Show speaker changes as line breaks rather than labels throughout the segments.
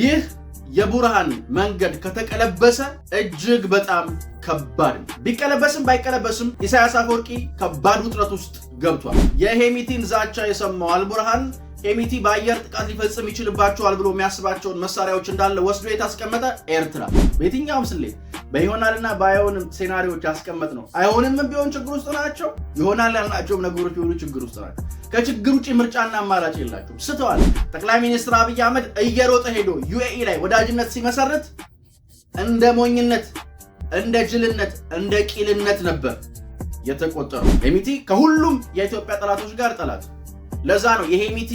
ይህ የቡርሃን መንገድ ከተቀለበሰ እጅግ በጣም ከባድ ነው። ቢቀለበስም ባይቀለበስም ኢሳያስ አፈወርቂ ከባድ ውጥረት ውስጥ ገብቷል። የሄሚቲን ዛቻ የሰማው አልቡርሃን ኤሚቲ በአየር ጥቃት ሊፈጽም ይችልባቸዋል ብሎ የሚያስባቸውን መሳሪያዎች እንዳለ ወስዶ የታስቀመጠ ኤርትራ በየትኛውም ስሌት በይሆናልና በአይሆንም ሴናሪዎች ያስቀመጥ ነው። አይሆንምም ቢሆን ችግር ውስጥ ናቸው፣ ይሆናል ያልናቸውም ነገሮች ቢሆኑ ችግር ውስጥ ናቸው። ከችግር ውጭ ምርጫና አማራጭ የላቸውም። ስተዋል። ጠቅላይ ሚኒስትር አብይ አህመድ እየሮጠ ሄዶ ዩኤኢ ላይ ወዳጅነት ሲመሰርት እንደ ሞኝነት፣ እንደ ጅልነት፣ እንደ ቂልነት ነበር የተቆጠረው። ኤሚቲ ከሁሉም የኢትዮጵያ ጠላቶች ጋር ጠላት ለዛ ነው የሄሚቲ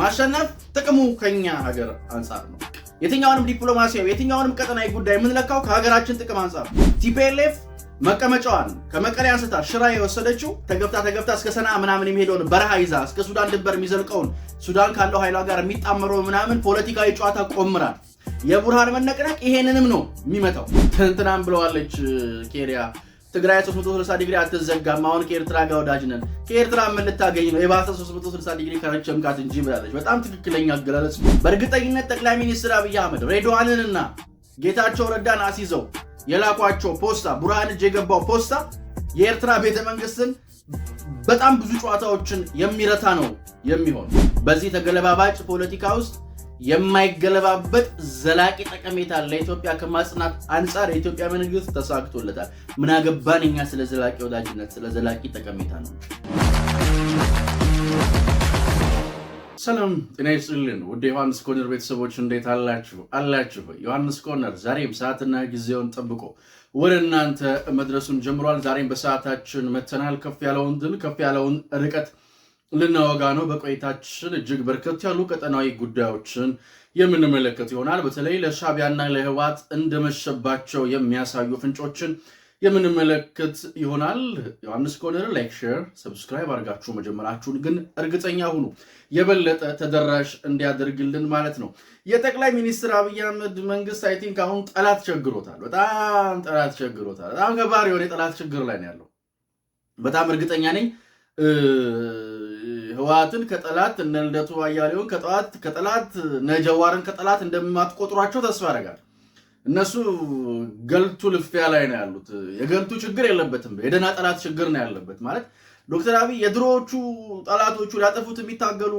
ማሸነፍ ጥቅሙ ከኛ ሀገር አንጻር ነው። የትኛውንም ዲፕሎማሲያዊ የትኛውንም ቀጠናዊ ጉዳይ የምንለካው ከሀገራችን ጥቅም አንጻር ነው። ቲፒኤልኤፍ መቀመጫዋን ከመቀሌ አንስታ ሽራ የወሰደችው ተገብታ ተገብታ እስከ ሰና ምናምን የሚሄደውን በረሃ ይዛ እስከ ሱዳን ድንበር የሚዘልቀውን ሱዳን ካለው ኃይሏ ጋር የሚጣመረው ምናምን ፖለቲካዊ ጨዋታ ቆምራል። የቡርሃን መነቅነቅ ይሄንንም ነው የሚመታው። ትንትናም ብለዋለች ኬንያ ትግራይ 360 ዲግሪ አትዘጋም። አሁን ከኤርትራ ጋር ወዳጅ ነን፣ ከኤርትራ የምንታገኝ ነው የባሰ 360 ዲግሪ ከረቸምካት እንጂ ብላለች። በጣም ትክክለኛ አገላለጽ። በእርግጠኝነት ጠቅላይ ሚኒስትር አብይ አህመድ ሬድዋንንና ጌታቸው ረዳን አስይዘው የላኳቸው ፖስታ፣ ቡርሃን እጅ የገባው ፖስታ የኤርትራ ቤተመንግስትን በጣም ብዙ ጨዋታዎችን የሚረታ ነው የሚሆን በዚህ ተገለባባጭ ፖለቲካ ውስጥ የማይገለባበት ዘላቂ ጠቀሜታ ለኢትዮጵያ ከማጽናት አንጻር የኢትዮጵያ መንግስት ተሳክቶለታል። ምን አገባን እኛ ስለ ዘላቂ ወዳጅነት፣ ስለ ዘላቂ ጠቀሜታ ነው።
ሰላም ጤና ይስጥልን ውድ ዮሐንስ ኮርነር ቤተሰቦች እንዴት አላችሁ? አላችሁ ዮሐንስ ኮርነር ዛሬም ሰዓትና ጊዜውን ጠብቆ ወደ እናንተ መድረሱን ጀምሯል። ዛሬም በሰዓታችን መተናል። ከፍ ያለውን ድል ከፍ ያለውን ርቀት ልናወጋ ነው። በቆይታችን እጅግ በርከት ያሉ ቀጠናዊ ጉዳዮችን የምንመለከት ይሆናል። በተለይ ለሻቢያና ለህወሓት እንደመሸባቸው የሚያሳዩ ፍንጮችን የምንመለከት ይሆናል። ዮሐንስ ኮርነር ላይክ፣ ሼር፣ ሰብስክራይብ አድርጋችሁ መጀመራችሁን ግን እርግጠኛ ሁኑ፣ የበለጠ ተደራሽ እንዲያደርግልን ማለት ነው። የጠቅላይ ሚኒስትር አብይ አህመድ መንግስት አይ ቲንክ አሁን ጠላት ቸግሮታል። በጣም ጠላት ቸግሮታል። በጣም ገባር የሆነ የጠላት ችግር ላይ ነው ያለው። በጣም እርግጠኛ ነኝ ህወሓትን ከጠላት እነ ልደቱ አያሌውን ከጠላት እነ ጀዋርን ከጠላት እንደማትቆጥሯቸው ተስፋ ያደርጋል። እነሱ ገልቱ ልፊያ ላይ ነው ያሉት። የገልቱ ችግር የለበትም፣ የደህና ጠላት ችግር ነው ያለበት ማለት ዶክተር አብይ የድሮዎቹ ጠላቶቹ ሊያጠፉት የሚታገሉ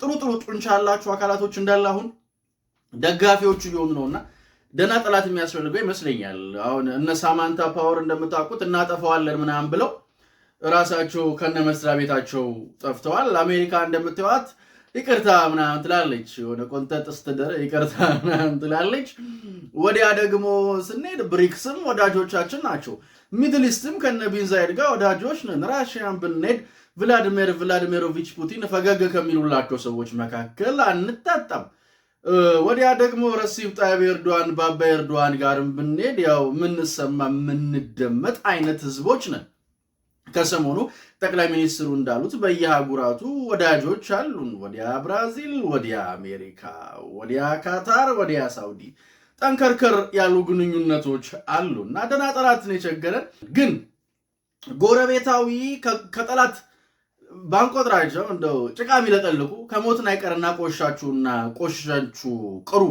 ጥሩ ጥሩ ጡንቻ ያላቸው አካላቶች እንዳለ አሁን ደጋፊዎቹ እየሆኑ ነው እና ደህና ጠላት የሚያስፈልገው ይመስለኛል። አሁን እነ ሳማንታ ፓወር እንደምታውቁት እናጠፋዋለን ምናምን ብለው ራሳቸው ከነ መስሪያ ቤታቸው ጠፍተዋል። አሜሪካ እንደምትዋት ይቅርታ ምናምን ትላለች፣ የሆነ ቆንጠጥ ስትደር ይቅርታ ምናምን ትላለች። ወዲያ ደግሞ ስንሄድ ብሪክስም ወዳጆቻችን ናቸው። ሚድል ከነ ቢንዛይድ ጋር ወዳጆች ነን። ራሽያን ብንሄድ ቭላዲሚር ቭላዲሚሮቪች ፑቲን ፈገግ ከሚሉላቸው ሰዎች መካከል አንታጣም። ወዲያ ደግሞ ረሲብ ጣይብ ኤርዶዋን ባባ ኤርዶዋን ጋርም ብንሄድ ያው ምንሰማ ምንደመጥ አይነት ህዝቦች ነን። ከሰሞኑ ጠቅላይ ሚኒስትሩ እንዳሉት በየአህጉራቱ ወዳጆች አሉን። ወዲያ ብራዚል፣ ወዲያ አሜሪካ፣ ወዲያ ካታር፣ ወዲያ ሳውዲ ጠንከርከር ያሉ ግንኙነቶች አሉ እና ጠላትን የቸገረን ግን ጎረቤታዊ ከጠላት ባንቆጥራቸው እንደው ጭቃ የሚለጠልቁ ከሞትን አይቀርና ቆሻችሁና ቆሻችሁ ቅሩ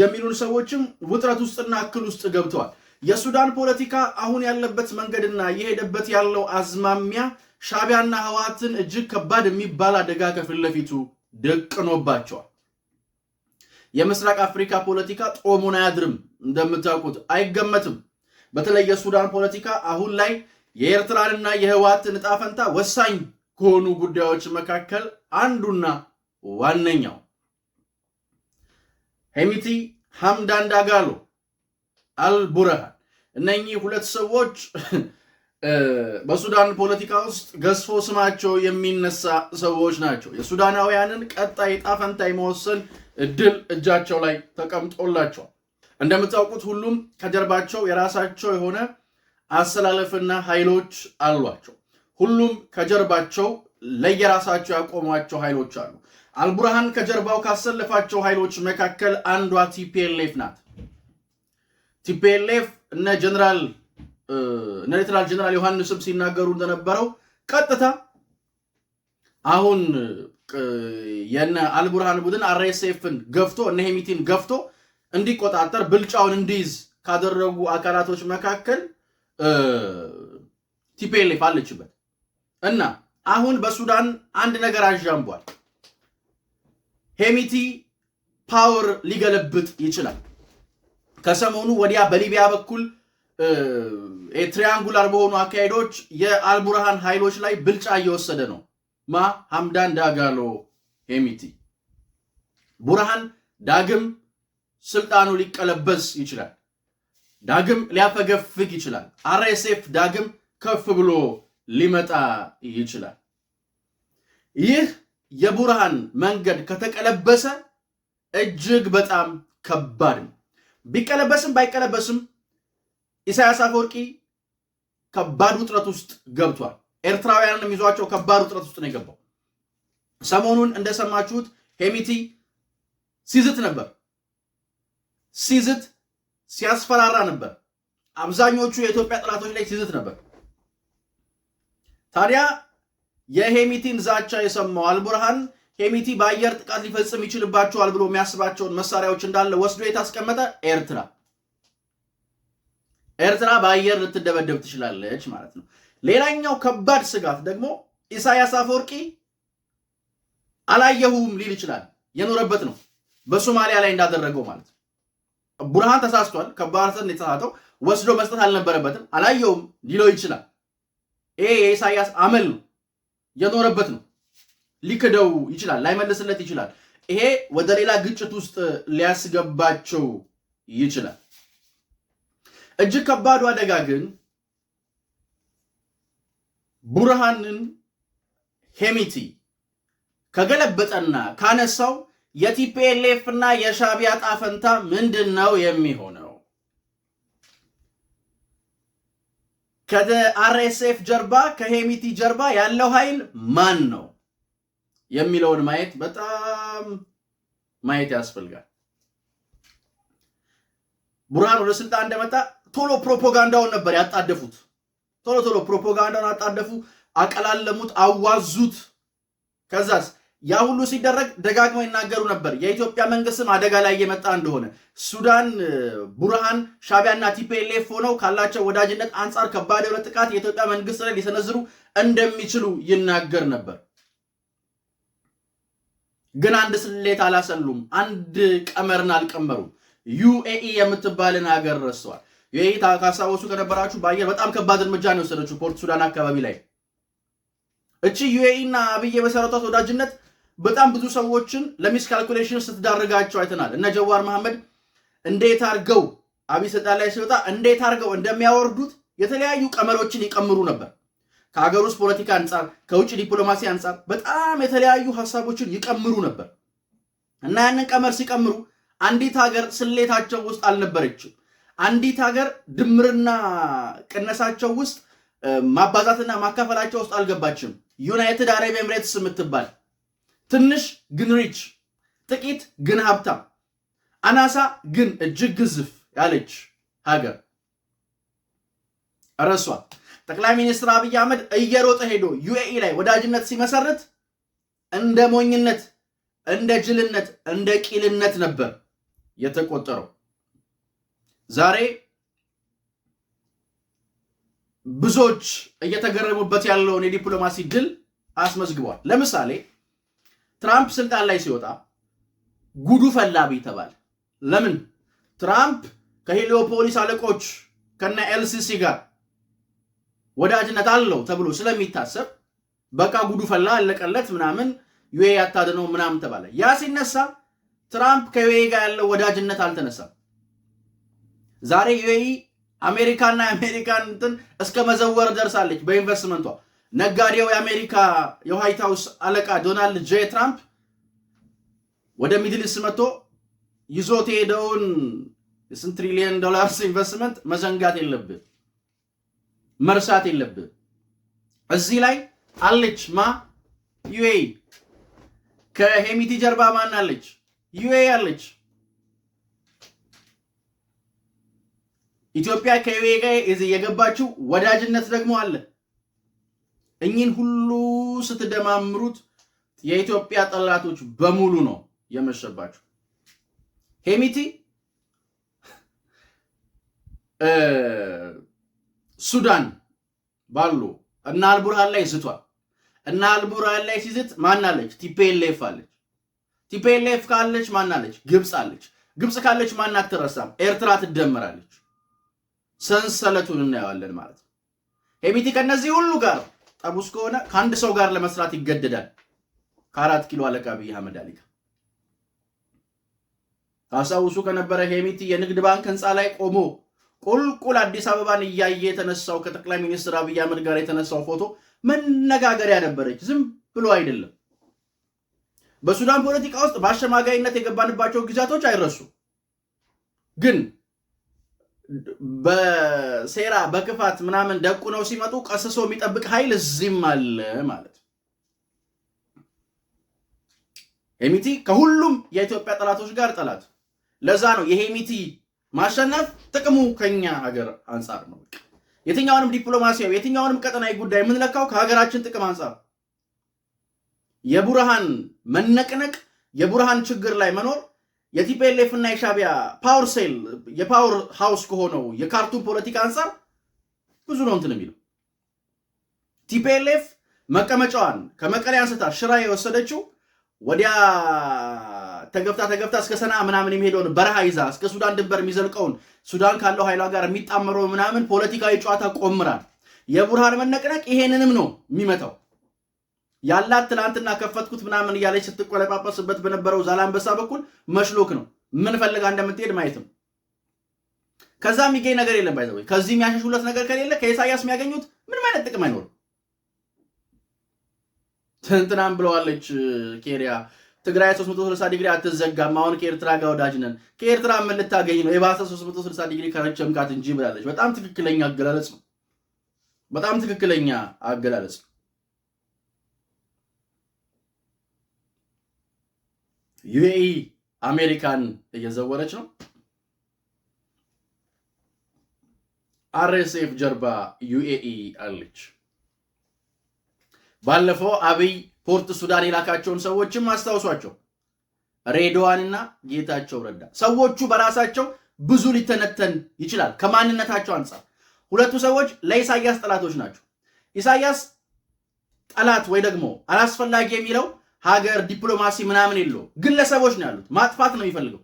የሚሉን ሰዎችም ውጥረት ውስጥና እክል ውስጥ ገብተዋል። የሱዳን ፖለቲካ አሁን ያለበት መንገድና የሄደበት ያለው አዝማሚያ ሻቢያና ህወሓትን እጅግ ከባድ የሚባል አደጋ ከፊት ለፊቱ ደቅኖባቸዋል። የምስራቅ አፍሪካ ፖለቲካ ጦሙን አያድርም፣ እንደምታውቁት አይገመትም። በተለይ የሱዳን ፖለቲካ አሁን ላይ የኤርትራንና የህወሓትን ዕጣ ፈንታ ወሳኝ ከሆኑ ጉዳዮች መካከል አንዱና ዋነኛው ሄሚቲ ሐምዳን ዳጋሎ አልቡርሃን እነኚህ ሁለት ሰዎች በሱዳን ፖለቲካ ውስጥ ገዝፎ ስማቸው የሚነሳ ሰዎች ናቸው። የሱዳናውያንን ቀጣይ ዕጣ ፈንታ የመወሰን እድል እጃቸው ላይ ተቀምጦላቸዋል። እንደምታውቁት ሁሉም ከጀርባቸው የራሳቸው የሆነ አሰላለፍና ኃይሎች አሏቸው። ሁሉም ከጀርባቸው ለየራሳቸው ያቆሟቸው ኃይሎች አሉ። አልቡርሃን ከጀርባው ካሰለፋቸው ኃይሎች መካከል አንዷ ቲፒኤልኤፍ ናት። ቲፒኤልኤፍ እነ ጀነራል እነ ሌተናል ጀነራል ዮሐንስም ሲናገሩ እንደነበረው ቀጥታ አሁን የነ አልቡርሃን ቡድን አርኤስኤፍን ገፍቶ እነ ሄሚቲን ገፍቶ እንዲቆጣጠር ብልጫውን እንዲይዝ ካደረጉ አካላቶች መካከል ቲፒኤልኤፍ አለችበት እና አሁን በሱዳን አንድ ነገር አዣምቧል። ሄሚቲ ፓወር ሊገለብጥ ይችላል። ከሰሞኑ ወዲያ በሊቢያ በኩል ትሪያንጉላር በሆኑ አካሄዶች የአልቡርሃን ኃይሎች ላይ ብልጫ እየወሰደ ነው። ማ ሐምዳን ዳጋሎ ሄሚቲ ቡርሃን ዳግም ስልጣኑ ሊቀለበስ ይችላል። ዳግም ሊያፈገፍግ ይችላል። አርኤስኤፍ ዳግም ከፍ ብሎ ሊመጣ ይችላል። ይህ የቡርሃን መንገድ ከተቀለበሰ እጅግ በጣም ከባድ ነው። ቢቀለበስም ባይቀለበስም ኢሳያስ አፈወርቂ ከባድ ውጥረት ውስጥ ገብቷል። ኤርትራውያንን የሚዟቸው ከባድ ውጥረት ውስጥ ነው የገባው። ሰሞኑን እንደሰማችሁት ሄሚቲ ሲዝት ነበር፣ ሲዝት ሲያስፈራራ ነበር። አብዛኞቹ የኢትዮጵያ ጠላቶች ላይ ሲዝት ነበር። ታዲያ የሄሚቲን ዛቻ የሰማው አልቡርሃን ሄሚቲ በአየር ጥቃት ሊፈጽም ይችልባቸዋል ብሎ የሚያስባቸውን መሳሪያዎች እንዳለ ወስዶ የታስቀመጠ ኤርትራ ኤርትራ በአየር ልትደበደብ ትችላለች ማለት ነው። ሌላኛው ከባድ ስጋት ደግሞ ኢሳያስ አፈወርቂ አላየሁም ሊል ይችላል። የኖረበት ነው በሶማሊያ ላይ እንዳደረገው ማለት ነው። ቡርሃን ተሳስቷል። ከባህር ሰን ወስዶ መስጠት አልነበረበትም። አላየሁም ሊለው ይችላል። ይሄ የኢሳያስ አመል ነው፣ የኖረበት ነው። ሊክደው ይችላል፣ ላይመልስለት ይችላል። ይሄ ወደ ሌላ ግጭት ውስጥ ሊያስገባቸው ይችላል። እጅግ ከባዱ አደጋ ግን ቡርሃንን ሄሚቲ ከገለበጠና ካነሳው የቲፒኤልኤፍ እና የሻቢያ ጣፈንታ ምንድን ነው የሚሆነው? ከአርኤስኤፍ ጀርባ ከሄሚቲ ጀርባ ያለው ኃይል ማን ነው? የሚለውን ማየት በጣም ማየት ያስፈልጋል። ቡርሃን ወደ ስልጣን እንደመጣ ቶሎ ፕሮፓጋንዳውን ነበር ያጣደፉት። ቶሎ ቶሎ ፕሮፓጋንዳውን አጣደፉ፣ አቀላለሙት፣ አዋዙት። ከዛስ ያ ሁሉ ሲደረግ ደጋግመው ይናገሩ ነበር። የኢትዮጵያ መንግስትም አደጋ ላይ እየመጣ እንደሆነ ሱዳን ቡርሃን ሻቢያና ቲፒኤልኤፍ ሆነው ካላቸው ወዳጅነት አንጻር ከባድ የሆነ ጥቃት የኢትዮጵያ መንግስት ላይ ሊሰነዝሩ እንደሚችሉ ይናገር ነበር። ግን አንድ ስሌት አላሰሉም፣ አንድ ቀመርን አልቀመሩም። ዩኤኢ የምትባልን ሀገር ረስተዋል። ዩኤኢ ካስታወሱ ከነበራችሁ በአየር በጣም ከባድ እርምጃ ነው የወሰደችው ፖርት ሱዳን አካባቢ ላይ። እቺ ዩኤኢ እና አብይ የመሰረቷት ወዳጅነት በጣም ብዙ ሰዎችን ለሚስ ካልኩሌሽን ስትዳርጋቸው አይተናል። እነ ጀዋር መሐመድ እንዴት አርገው አብይ ስልጣን ላይ ሲወጣ እንዴት አርገው እንደሚያወርዱት የተለያዩ ቀመሮችን ይቀምሩ ነበር። ከሀገር ውስጥ ፖለቲካ አንጻር፣ ከውጭ ዲፕሎማሲ አንጻር በጣም የተለያዩ ሀሳቦችን ይቀምሩ ነበር እና ያንን ቀመር ሲቀምሩ አንዲት ሀገር ስሌታቸው ውስጥ አልነበረችም። አንዲት ሀገር ድምርና ቅነሳቸው ውስጥ ማባዛትና ማካፈላቸው ውስጥ አልገባችም። ዩናይትድ አረብ ኤምሬትስ የምትባል ትንሽ ግን ሪች፣ ጥቂት ግን ሀብታም፣ አናሳ ግን እጅግ ግዝፍ ያለች ሀገር እረሷ ጠቅላይ ሚኒስትር አብይ አህመድ እየሮጠ ሄዶ ዩኤኢ ላይ ወዳጅነት ሲመሰርት እንደ ሞኝነት፣ እንደ ጅልነት፣ እንደ ቂልነት ነበር የተቆጠረው። ዛሬ ብዙዎች እየተገረሙበት ያለውን የዲፕሎማሲ ድል አስመዝግቧል። ለምሳሌ ትራምፕ ስልጣን ላይ ሲወጣ ጉዱ ፈላቢ ተባለ። ለምን? ትራምፕ ከሄሊዮፖሊስ አለቆች ከነ ኤልሲሲ ጋር ወዳጅነት አለው ተብሎ ስለሚታሰብ በቃ ጉዱ ፈላ አለቀለት ምናምን ዩኤ ያታድነው ምናምን ተባለ። ያ ሲነሳ ትራምፕ ከዩኤ ጋር ያለው ወዳጅነት አልተነሳም። ዛሬ ዩኤ አሜሪካና የአሜሪካን እንትን እስከ መዘወር ደርሳለች በኢንቨስትመንቷ። ነጋዴው የአሜሪካ የዋይት ሃውስ አለቃ ዶናልድ ጄ ትራምፕ ወደ ሚድልስ መጥቶ ይዞት የሄደውን የስንት ትሪሊየን ዶላርስ ኢንቨስትመንት መዘንጋት የለብን። መርሳት የለብህ። እዚህ ላይ አለች ማ ዩኤ ከሄሚቲ ጀርባ ማን አለች? ዩኤ አለች። ኢትዮጵያ ከዩኤ ጋር የገባችው ወዳጅነት ደግሞ አለ። እኚህን ሁሉ ስትደማምሩት የኢትዮጵያ ጠላቶች በሙሉ ነው የመሸባችሁ። ሄሚቲ ሱዳን ባሉ እና አልቡርሃን ላይ ስቷል። እና አልቡርሃን ላይ ሲዝት ማናለች? ቲፔኤልኤፍ አለች። ቲፔኤልኤፍ ካለች ማናለች? ግብፅ አለች። ግብፅ ካለች ማን አትረሳም? ኤርትራ ትደመራለች። ሰንሰለቱን እናየዋለን ማለት ነው። ሄሚቲ ከነዚህ ሁሉ ጋር ጠቡስ ከሆነ ከአንድ ሰው ጋር ለመስራት ይገደዳል። ከአራት ኪሎ አለቃ አብይ አህመድ አሊ ታስታውሱ ከነበረ ሄሚቲ የንግድ ባንክ ህንፃ ላይ ቆሞ ቁልቁል አዲስ አበባን እያየ የተነሳው ከጠቅላይ ሚኒስትር አብይ አህመድ ጋር የተነሳው ፎቶ መነጋገሪያ ነበረች። ዝም ብሎ አይደለም። በሱዳን ፖለቲካ ውስጥ በአሸማጋይነት የገባንባቸው ግዛቶች አይረሱ፣ ግን በሴራ በክፋት ምናምን ደቁ ነው ሲመጡ ቀስሶ የሚጠብቅ ኃይል እዚህም አለ ማለት ሄሚቲ ከሁሉም የኢትዮጵያ ጠላቶች ጋር ጠላት። ለዛ ነው የሄሚቲ ማሸነፍ ጥቅሙ ከኛ ሀገር አንጻር ነው። የትኛውንም ዲፕሎማሲያዊ የትኛውንም ቀጠናዊ ጉዳይ የምንለካው ከሀገራችን ጥቅም አንጻር። የቡርሃን መነቅነቅ፣ የቡርሃን ችግር ላይ መኖር የቲፒኤልኤፍ እና የሻቢያ ፓወር ሴል የፓወር ሃውስ ከሆነው የካርቱም ፖለቲካ አንጻር ብዙ ነው እንትን የሚለው ቲፒኤልኤፍ መቀመጫዋን ከመቀሌ አንስታ ሽራ የወሰደችው ወዲያ ተገፍታ ተገፍታ እስከ ሰና ምናምን የሚሄደውን በረሃ ይዛ እስከ ሱዳን ድንበር የሚዘልቀውን ሱዳን ካለው ኃይሏ ጋር የሚጣመረው ምናምን ፖለቲካዊ ጨዋታ ቆምራል። የቡርሃን መነቅነቅ ይሄንንም ነው የሚመታው። ያላት ትናንትና ከፈትኩት ምናምን እያለች ስትቆለጳጳስበት በነበረው ዛላንበሳ በኩል መሽሎክ ነው። ምን ፈልጋ እንደምትሄድ ማየት ነው። ከዛ የሚገኝ ነገር የለም። ባይዘ ከዚህ የሚያሸሹለት ነገር ከሌለ ከኢሳያስ የሚያገኙት ምንም አይነት ጥቅም አይኖርም። ትንትናም ብለዋለች ኬሪያ ትግራይ 360 ዲግሪ አትዘጋም። አሁን ከኤርትራ ጋር ወዳጅ ነን። ከኤርትራ የምንታገኝ ነው የባሰ 360 ዲግሪ ከረቸምካት እንጂ ብላለች። በጣም ትክክለኛ አገላለጽ ነው። በጣም ትክክለኛ አገላለጽ ነው። ዩኤኢ አሜሪካን እየዘወረች ነው። አርኤስኤፍ ጀርባ ዩኤኢ አለች። ባለፈው አብይ ፖርት ሱዳን የላካቸውን ሰዎችም አስታውሷቸው። ሬድዋንና ጌታቸው ረዳ ሰዎቹ በራሳቸው ብዙ ሊተነተን ይችላል ከማንነታቸው አንጻር። ሁለቱ ሰዎች ለኢሳያስ ጠላቶች ናቸው። ኢሳያስ ጠላት ወይ ደግሞ አላስፈላጊ የሚለው ሀገር፣ ዲፕሎማሲ ምናምን የለው ግለሰቦች ነው ያሉት። ማጥፋት ነው የሚፈልገው።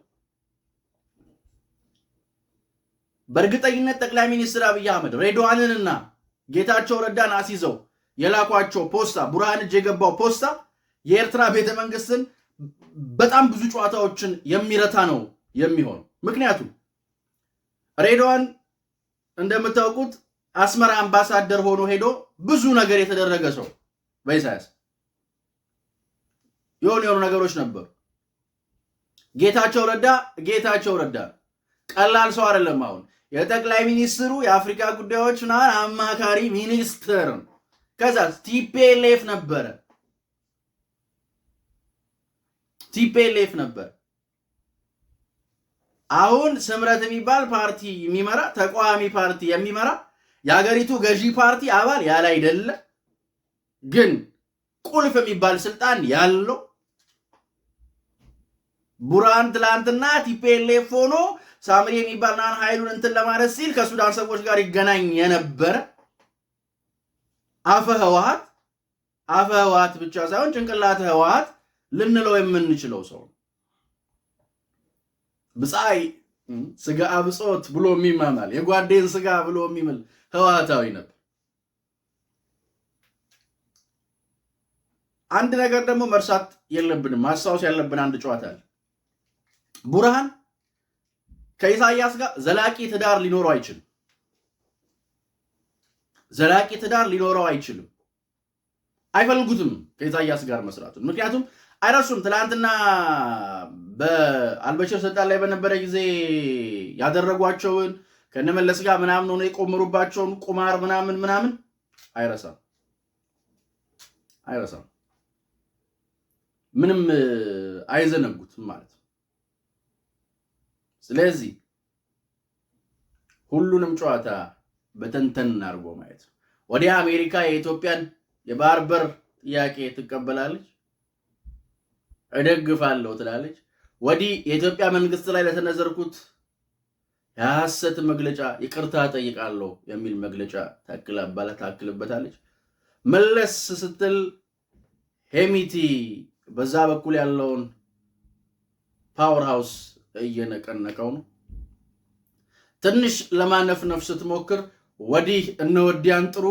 በእርግጠኝነት ጠቅላይ ሚኒስትር አብይ አህመድ ሬድዋንንና ጌታቸው ረዳን አስይዘው የላኳቸው ፖስታ ቡርሃን እጅ የገባው ፖስታ የኤርትራ ቤተ መንግስትን በጣም ብዙ ጨዋታዎችን የሚረታ ነው የሚሆን ምክንያቱም ሬድዋን እንደምታውቁት አስመራ አምባሳደር ሆኖ ሄዶ ብዙ ነገር የተደረገ ሰው በኢሳያስ የሆኑ የሆኑ ነገሮች ነበሩ። ጌታቸው ረዳ ጌታቸው ረዳ ቀላል ሰው አይደለም። አሁን የጠቅላይ ሚኒስትሩ የአፍሪካ ጉዳዮች ምናምን አማካሪ ሚኒስትር ነው። ከዛ ቲፒኤልኤፍ ነበረ ቲፒኤልኤፍ ነበር። አሁን ስምረት የሚባል ፓርቲ የሚመራ ተቃዋሚ ፓርቲ የሚመራ የሀገሪቱ ገዢ ፓርቲ አባል ያለ አይደለ ግን ቁልፍ የሚባል ስልጣን ያለው ቡራን ትላንትና ቲፒኤልኤፍ ሆኖ ሳምሪ የሚባል ናን ኃይሉን እንትን ለማለት ሲል ከሱዳን ሰዎች ጋር ይገናኝ የነበረ አፈ ህወሓት አፈ ህወሓት ብቻ ሳይሆን ጭንቅላተ ህወሓት ልንለው የምንችለው ሰው ነው። ስጋ አብጾት ብሎ የሚማማል የጓዴን ስጋ ብሎ የሚምል ህወሓታዊ ነበር። አንድ ነገር ደግሞ መርሳት የለብንም ማስታወስ ያለብን አንድ ጨዋታ አለ። ቡርሃን ከኢሳያስ ጋር ዘላቂ ትዳር ሊኖረው አይችልም። ዘላቂ ትዳር ሊኖረው አይችልም። አይፈልጉትም ከኢሳያስ ጋር መስራቱን። ምክንያቱም አይረሱም። ትናንትና በአልበሽር ስልጣን ላይ በነበረ ጊዜ ያደረጓቸውን ከነመለስ ጋር ምናምን ሆነ የቆምሩባቸውን ቁማር ምናምን ምናምን አይረሳም አይረሳም። ምንም አይዘነጉትም ማለት ነው። ስለዚህ ሁሉንም ጨዋታ በተንተን አድርጎ ማየት ነው። ወዲያ አሜሪካ የኢትዮጵያን የባህር በር ጥያቄ ትቀበላለች፣ እደግፋለሁ ትላለች። ወዲህ የኢትዮጵያ መንግስት ላይ ለተነዘርኩት የሐሰት መግለጫ ይቅርታ ጠይቃለሁ የሚል መግለጫ ታክልበታለች። መለስ ስትል ሄሚቲ በዛ በኩል ያለውን ፓወር ሃውስ እየነቀነቀው ነው። ትንሽ ለማነፍነፍ ስትሞክር ወዲህ እነ ወዲያን ጥሩ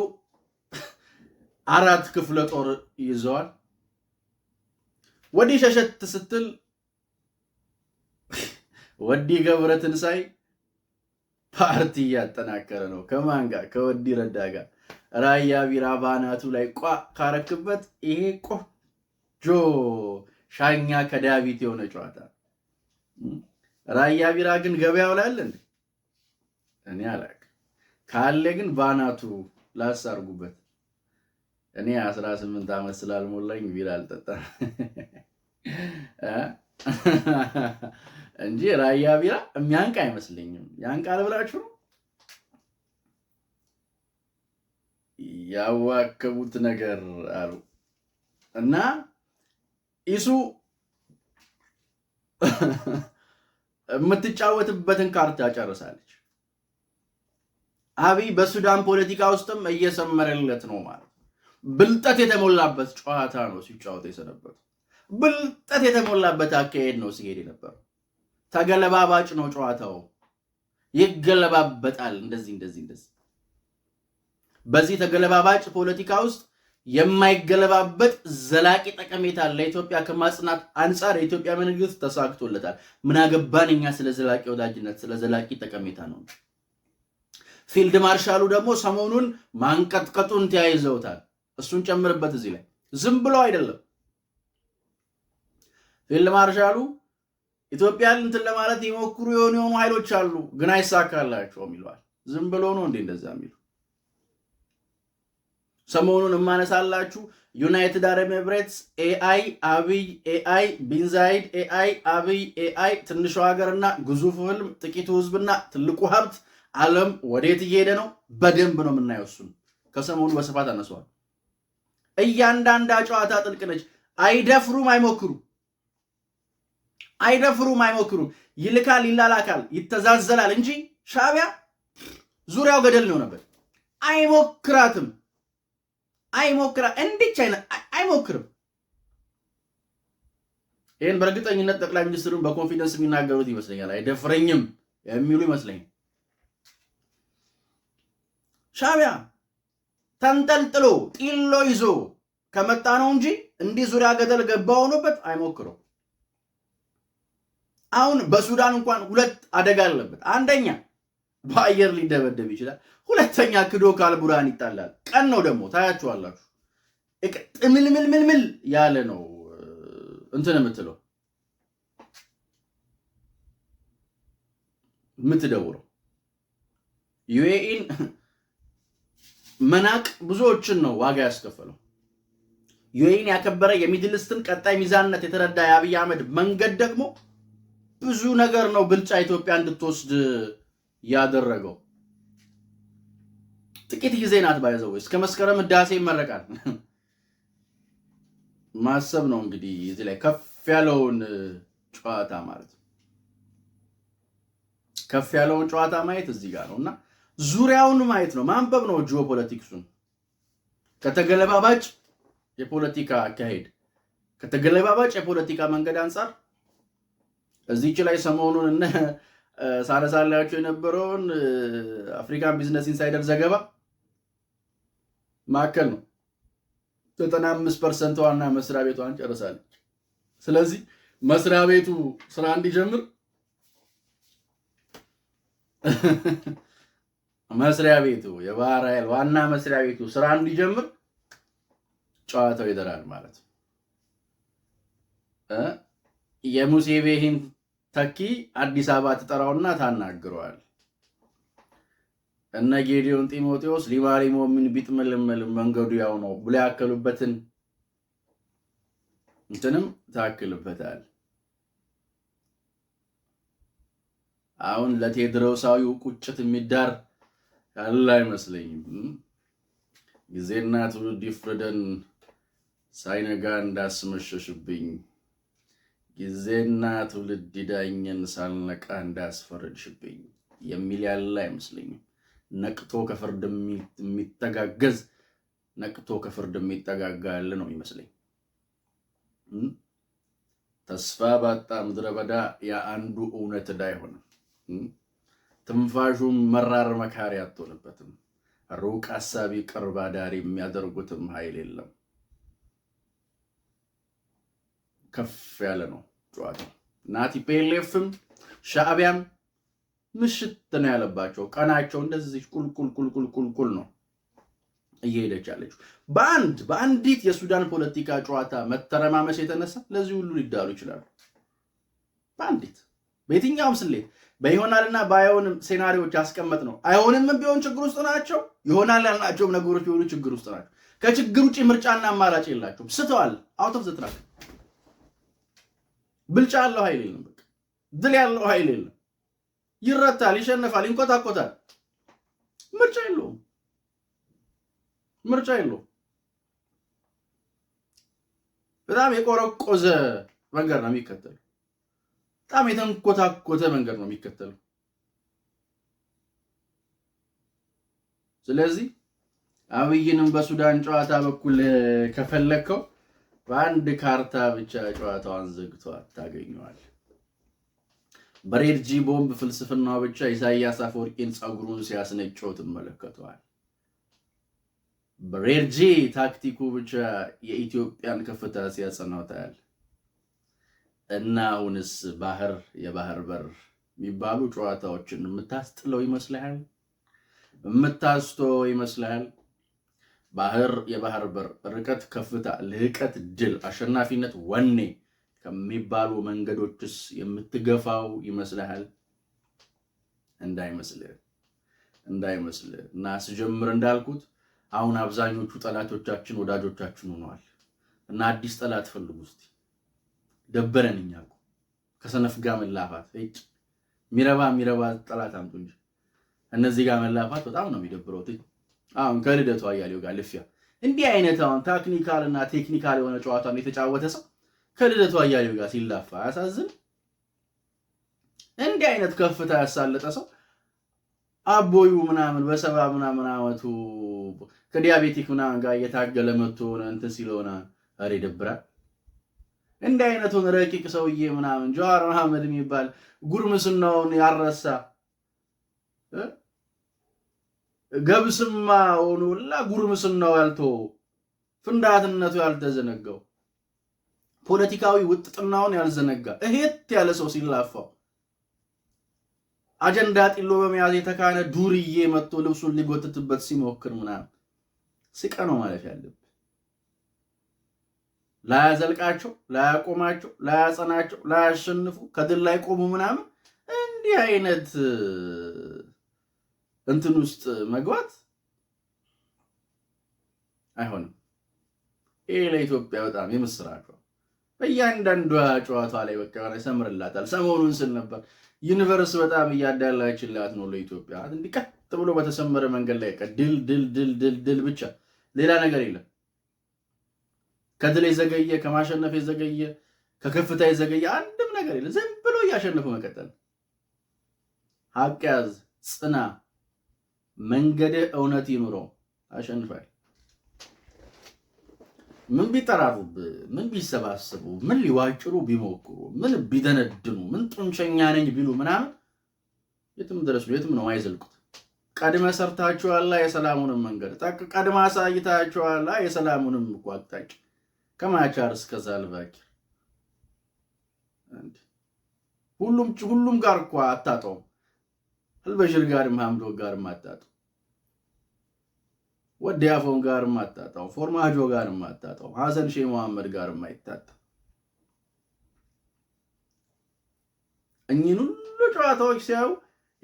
አራት ክፍለ ጦር ይዘዋል። ወዲህ ሸሸት ስትል ወዲህ ገብረ ሳይ ፓርቲ እያጠናከረ ነው። ከማን ጋር? ከወዲህ ረዳ ጋር ራያ ቢራ ባናቱ ላይ ቋ ካረክበት ይሄ ቆጆ ሻኛ ከዳቢት የሆነ ጨዋታ ራያ ቢራ ግን ገበያው ላይ አለ እንዴ? እኔ አላ ካለ ግን ባናቱ ላሳርጉበት። እኔ አስራ ስምንት ዓመት ስላልሞላኝ ቢራ አልጠጣም እንጂ ራያ ቢራ የሚያንቅ አይመስለኝም። ያንቃል ብላችሁ ነው ያዋከቡት ነገር አሉ እና ኢሱ የምትጫወትበትን ካርታ ጨርሳለች። አብይ በሱዳን ፖለቲካ ውስጥም እየሰመረለት ነው ማለት ብልጠት የተሞላበት ጨዋታ ነው ሲጫወት የሰነበት ብልጠት የተሞላበት አካሄድ ነው ሲሄድ የነበር ተገለባባጭ ነው ጨዋታው ይገለባበጣል እንደዚህ እንደዚህ እንደዚህ በዚህ ተገለባባጭ ፖለቲካ ውስጥ የማይገለባበት ዘላቂ ጠቀሜታ ለኢትዮጵያ ከማጽናት አንጻር የኢትዮጵያ መንግስት ተሳክቶለታል ምን አገባን እኛ ስለ ዘላቂ ወዳጅነት ስለ ዘላቂ ጠቀሜታ ነው ፊልድ ማርሻሉ ደግሞ ሰሞኑን ማንቀጥቀጡን ተያይዘውታል። እሱን ጨምርበት እዚህ ላይ ዝም ብሎ አይደለም። ፊልድ ማርሻሉ ኢትዮጵያን እንትን ለማለት የሞክሩ የሆኑ የሆኑ ኃይሎች አሉ፣ ግን አይሳካላቸውም ይለዋል። ዝም ብሎ ነው እንዴ እንደዛ የሚሉ ሰሞኑን የማነሳላችሁ ዩናይትድ አረብ ኤምሬትስ ኤአይ አብይ ኤአይ ቢንዛይድ ኤአይ አብይ ኤአይ ትንሹ ሀገርና ግዙፉ ህልም ጥቂቱ ህዝብና ትልቁ ሀብት ዓለም ወዴት እየሄደ ነው? በደንብ ነው የምናየው። እሱን ከሰሞኑ በስፋት አነሰዋል። እያንዳንዳ ጨዋታ ጥልቅ ነች። አይደፍሩም፣ አይሞክሩ አይደፍሩም፣ አይሞክሩ። ይልካል፣ ይላላካል፣ ይተዛዘላል እንጂ ሻቢያ ዙሪያው ገደል ነው ነበር። አይሞክራትም፣ አይሞክራ እንዲች አይነት አይሞክርም። ይህን በእርግጠኝነት ጠቅላይ ሚኒስትሩን በኮንፊደንስ የሚናገሩት ይመስለኛል። አይደፍረኝም የሚሉ ይመስለኛል። ሻቢያ ተንጠልጥሎ ጢሎ ይዞ ከመጣ ነው እንጂ እንዲህ ዙሪያ ገደል ገባ ሆኖበት አይሞክረው። አሁን በሱዳን እንኳን ሁለት አደጋ አለበት። አንደኛ በአየር ሊደበደብ ይችላል። ሁለተኛ ክዶ ካልቡርሃን ይጣላል። ቀን ነው ደግሞ ታያችኋላችሁ። ጥምልምልምልምል ያለ ነው እንትን የምትለው የምትደውረው ዩኤኢን መናቅ ብዙዎችን ነው ዋጋ ያስከፈለው። ዩኤን ያከበረ የሚድልስትን ቀጣይ ሚዛንነት የተረዳ የአብይ አህመድ መንገድ ደግሞ ብዙ ነገር ነው ብልጫ ኢትዮጵያ እንድትወስድ ያደረገው። ጥቂት ጊዜ ናት ባይዘው እስከ መስከረም ህዳሴ ይመረቃል። ማሰብ ነው እንግዲህ እዚህ ላይ ከፍ ያለውን ጨዋታ ማለት ነው። ከፍ ያለውን ጨዋታ ማየት እዚህ ጋር ነው እና ዙሪያውን ማየት ነው፣ ማንበብ ነው ጂኦ ፖለቲክሱን ከተገለባባጭ የፖለቲካ አካሄድ ከተገለባባጭ የፖለቲካ መንገድ አንጻር እዚች ላይ ሰሞኑን እነ ሳነሳላቸው የነበረውን አፍሪካን ቢዝነስ ኢንሳይደር ዘገባ ማዕከል ነው። ዘጠና አምስት ፐርሰንት ዋና መስሪያ ቤቷን ጨርሳለች። ስለዚህ መስሪያ ቤቱ ስራ እንዲጀምር መስሪያ ቤቱ የባህር ኃይል ዋና መስሪያ ቤቱ ስራ እንዲጀምር ጨዋታው ይደራል ማለት ነው። ቤሂን ተኪ አዲስ አበባ ትጠራውና ታናግረዋል። እነ ጌዲዮን ጢሞቴዎስ ሊማሊሞ ምን ቢጥመለመልም መንገዱ ያው ነው ብሎ ያከሉበትን እንትንም ታክልበታል። አሁን ለቴድሮሳዊው ቁጭት የሚዳር ያለ አይመስለኝም። ጊዜና ትውልድ ይፍረደን፣ ሳይነጋ እንዳስመሸሽብኝ ጊዜና ትውልድ ይዳኘን፣ ሳልነቃ እንዳስፈረድሽብኝ የሚል ያለ አይመስለኝም። ነቅቶ ከፍርድ የሚጠጋገዝ ነቅቶ ከፍርድ የሚጠጋጋ ያለ ነው የሚመስለኝ። ተስፋ ባጣ ምድረ በዳ የአንዱ እውነት ዕዳ አይሆንም። ትንፋሹም መራር መካሪ አትሆንበትም። ሩቅ አሳቢ ቅርብ አዳሪ የሚያደርጉትም ኃይል የለም። ከፍ ያለ ነው ጨዋታ እና ፔሌፍም ሻዕቢያም ምሽት ነው ያለባቸው። ቀናቸው እንደዚህ ቁልቁልቁልቁልቁል ነው እየሄደች ያለችው። በአንድ በአንዲት የሱዳን ፖለቲካ ጨዋታ መተረማመስ የተነሳ ለዚህ ሁሉ ሊዳሉ ይችላሉ። በአንዲት በየትኛውም ስሌት በይሆናልና በአይሆንም ሴናሪዎች ያስቀመጥ ነው። አይሆንም ቢሆን ችግር ውስጥ ናቸው። ይሆናል ያልናቸውም ነገሮች ቢሆኑ ችግር ውስጥ ናቸው። ከችግር ውጭ ምርጫና አማራጭ የላቸውም። ስተዋል። አውት ኦፍ ዘ ትራክ ብልጫ ያለው ኃይል የለም። በቃ ድል ያለው ኃይል የለም። ይረታል፣ ይሸነፋል፣ ይንቆታቆታል። ምርጫ የለውም። ምርጫ የለውም። በጣም የቆረቆዘ መንገድ ነው የሚከተለው። በጣም የተንኮታኮተ መንገድ ነው የሚከተለው። ስለዚህ አብይንም በሱዳን ጨዋታ በኩል ከፈለግከው በአንድ ካርታ ብቻ ጨዋታዋን ዘግቶ ታገኘዋል። በሬድጂ ቦምብ ፍልስፍናው ብቻ ኢሳያስ አፈወርቂን ፀጉሩን ሲያስነጨው ትመለከተዋል። በሬድጂ ታክቲኩ ብቻ የኢትዮጵያን ከፍታ ሲያጸናው እና አሁንስ ባህር የባህር በር የሚባሉ ጨዋታዎችን የምታስጥለው ይመስልሃል? የምታስቶ ይመስልሃል? ባህር የባህር በር ርቀት፣ ከፍታ፣ ልህቀት፣ ድል፣ አሸናፊነት፣ ወኔ ከሚባሉ መንገዶችስ የምትገፋው ይመስልሃል? እንዳይመስልህ እንዳይመስልህ እና ስጀምር እንዳልኩት አሁን አብዛኞቹ ጠላቶቻችን ወዳጆቻችን ሆነዋል እና አዲስ ጠላት ፈልጉ እስቲ ደበረን። እኛ እኮ ከሰነፍ ጋር መላፋት ሚረባ ሚረባ ጠላት አምጡ እንጂ እነዚህ ጋር መላፋት በጣም ነው የሚደብረው። አሁን ከልደቱ አያሌው ጋር ልፊያ እንዲህ አይነት አሁን ታክኒካል እና ቴክኒካል የሆነ ጨዋታ የተጫወተ ሰው ከልደቱ አያሌው ጋር ሲላፋ አያሳዝን? እንዲህ አይነት ከፍታ ያሳለጠ ሰው አቦዩ ምናምን በሰባ ምናምን አመቱ ከዲያቤቲክ ምናምን ጋር እየታገለ መጥቶ ሆነ እንትን ሲለሆነ ኧረ ይደብራል። እንዲህ አይነቱን ረቂቅ ሰውዬ ምናምን ጀዋር መሐመድ የሚባል ጉርምስናውን ያረሳ ገብስማ ሆኖ ሁላ ጉርምስናው ያልቶ ፍንዳትነቱ ያልተዘነጋው ፖለቲካዊ ውጥጥናውን ያልዘነጋ እሄት ያለ ሰው ሲላፋው አጀንዳ ጢሎ በመያዝ የተካነ ዱርዬ መጥቶ ልብሱን ሊጎትትበት ሲሞክር ምናምን ስቀ ነው ማለት ያለብህ። ላያዘልቃቸው፣ ላያቆማቸው፣ ላያጸናቸው፣ ላያሸንፉ ከድል ላይ ቆሙ ምናምን እንዲህ አይነት እንትን ውስጥ መግባት አይሆንም። ይህ ለኢትዮጵያ በጣም የምስራቸው በእያንዳንዷ ጨዋታ ላይ በቃ ይሰምርላታል። ሰሞኑን ስል ነበር ዩኒቨርስ በጣም እያዳላችላት ነው ለኢትዮጵያ። እንዲህ ቀጥ ብሎ በተሰመረ መንገድ ላይ ድል ድል ድል ድል ድል ብቻ ሌላ ነገር የለም። ከድል የዘገየ ከማሸነፍ የዘገየ ከከፍታ የዘገየ አንድም ነገር የለ። ዝም ብሎ እያሸነፈ መቀጠል። ሀቅ ያዝ፣ ጽና፣ መንገድህ እውነት ይኑረው። አሸንፋል። ምን ቢጠራሩብ፣ ምን ቢሰባስቡ፣ ምን ሊዋጭሩ ቢሞክሩ፣ ምን ቢደነድኑ፣ ምን ጡንቸኛ ነኝ ቢሉ ምናምን የትም ድረስ የትም ነው አይዘልቁት። ቀድመ ሰርታችኋላ የሰላሙንም መንገድ ቀድማ አሳይታችኋላ የሰላሙንም እኮ አቅጣጫ ከማቻር እስከ ዛልባኪ ሁሉም ሁሉም ጋር እኮ አታጣውም። አልበሽር ጋርም ሐምዶ ጋርም አታጣው። ወዲያፎን ጋርም አታጣው። ፎርማጆ ጋርም አታጣው። ሐሰን ሼህ መሐመድ ጋርም አይታጣው። እኚህን ሁሉ ጨዋታዎች ሲያዩ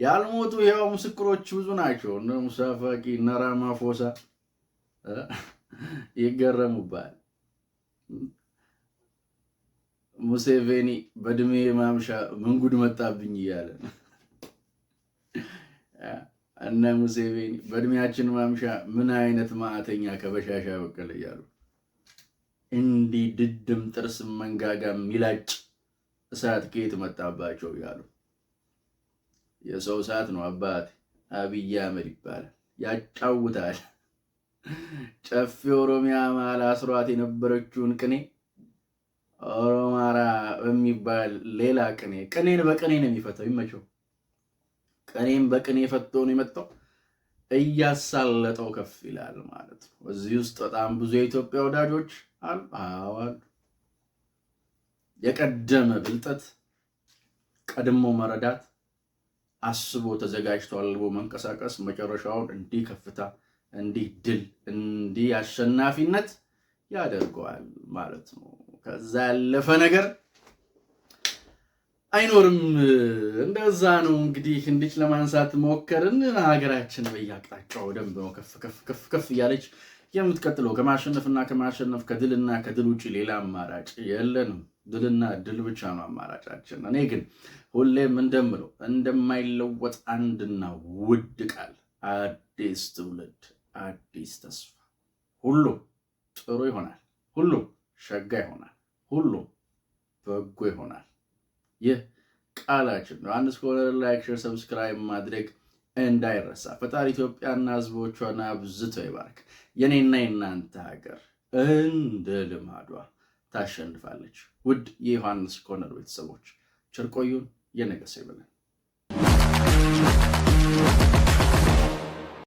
ያልሞቱ ሕያው ምስክሮች ብዙ ናቸው። እነ ሙሳፋቂ እነ ራማፎሳ ይገረሙባል። ሙሴቬኒ በእድሜ ማምሻ ምንጉድ መጣብኝ እያለ እነ ሙሴቬኒ በእድሜያችን ማምሻ ምን አይነት ማዕተኛ ከበሻሻ በቀለ እያሉ እንዲህ ድድም ጥርስ መንጋጋ ሚላጭ እሳት ከየት መጣባቸው እያሉ የሰው እሳት ነው አባት አብይ አህመድ ይባላል ያጫውታል ጨፌ ኦሮሚያ መሃል አስሯት የነበረችውን ቅኔ ኦሮማራ በሚባል ሌላ ቅኔ ቅኔን በቅኔ ነው የሚፈተው። ይመቸው። ቅኔን በቅኔ ፈቶ ነው የመጣው። እያሳለጠው ከፍ ይላል ማለት ነው። እዚህ ውስጥ በጣም ብዙ የኢትዮጵያ ወዳጆች አልዋል የቀደመ ብልጠት፣ ቀድሞ መረዳት፣ አስቦ ተዘጋጅቶ አልቦ መንቀሳቀስ መጨረሻውን እንዲህ ከፍታ እንዲህ ድል እንዲህ አሸናፊነት ያደርገዋል ማለት ነው። ከዛ ያለፈ ነገር አይኖርም። እንደዛ ነው እንግዲህ እንዲች ለማንሳት ሞከርን። ሀገራችን በየአቅጣጫው ደንብ ነው ከፍ ከፍ ከፍ ከፍ እያለች የምትቀጥለው። ከማሸነፍና ከማሸነፍ ከድልና ከድል ውጭ ሌላ አማራጭ የለንም። ድልና ድል ብቻ ነው አማራጫችን። እኔ ግን ሁሌም እንደምለው እንደማይለወጥ አንድና ውድ ቃል አዲስ ትውልድ አዲስ ተስፋ። ሁሉ ጥሩ ይሆናል። ሁሉ ሸጋ ይሆናል። ሁሉ በጎ ይሆናል። ይህ ቃላችን ነው። አንድ ኮርነር ላይክ፣ ሼር፣ ሰብስክራይብ ማድረግ እንዳይረሳ። ፈጣሪ ኢትዮጵያና ህዝቦቿን አብዝቶ ይባርክ። የኔና የናንተ ሀገር እንደ ልማዷ ታሸንፋለች። ውድ የዮሐንስ ኮርነር ቤተሰቦች ቸር ቆዩን። የነገ ሰው ይበለን።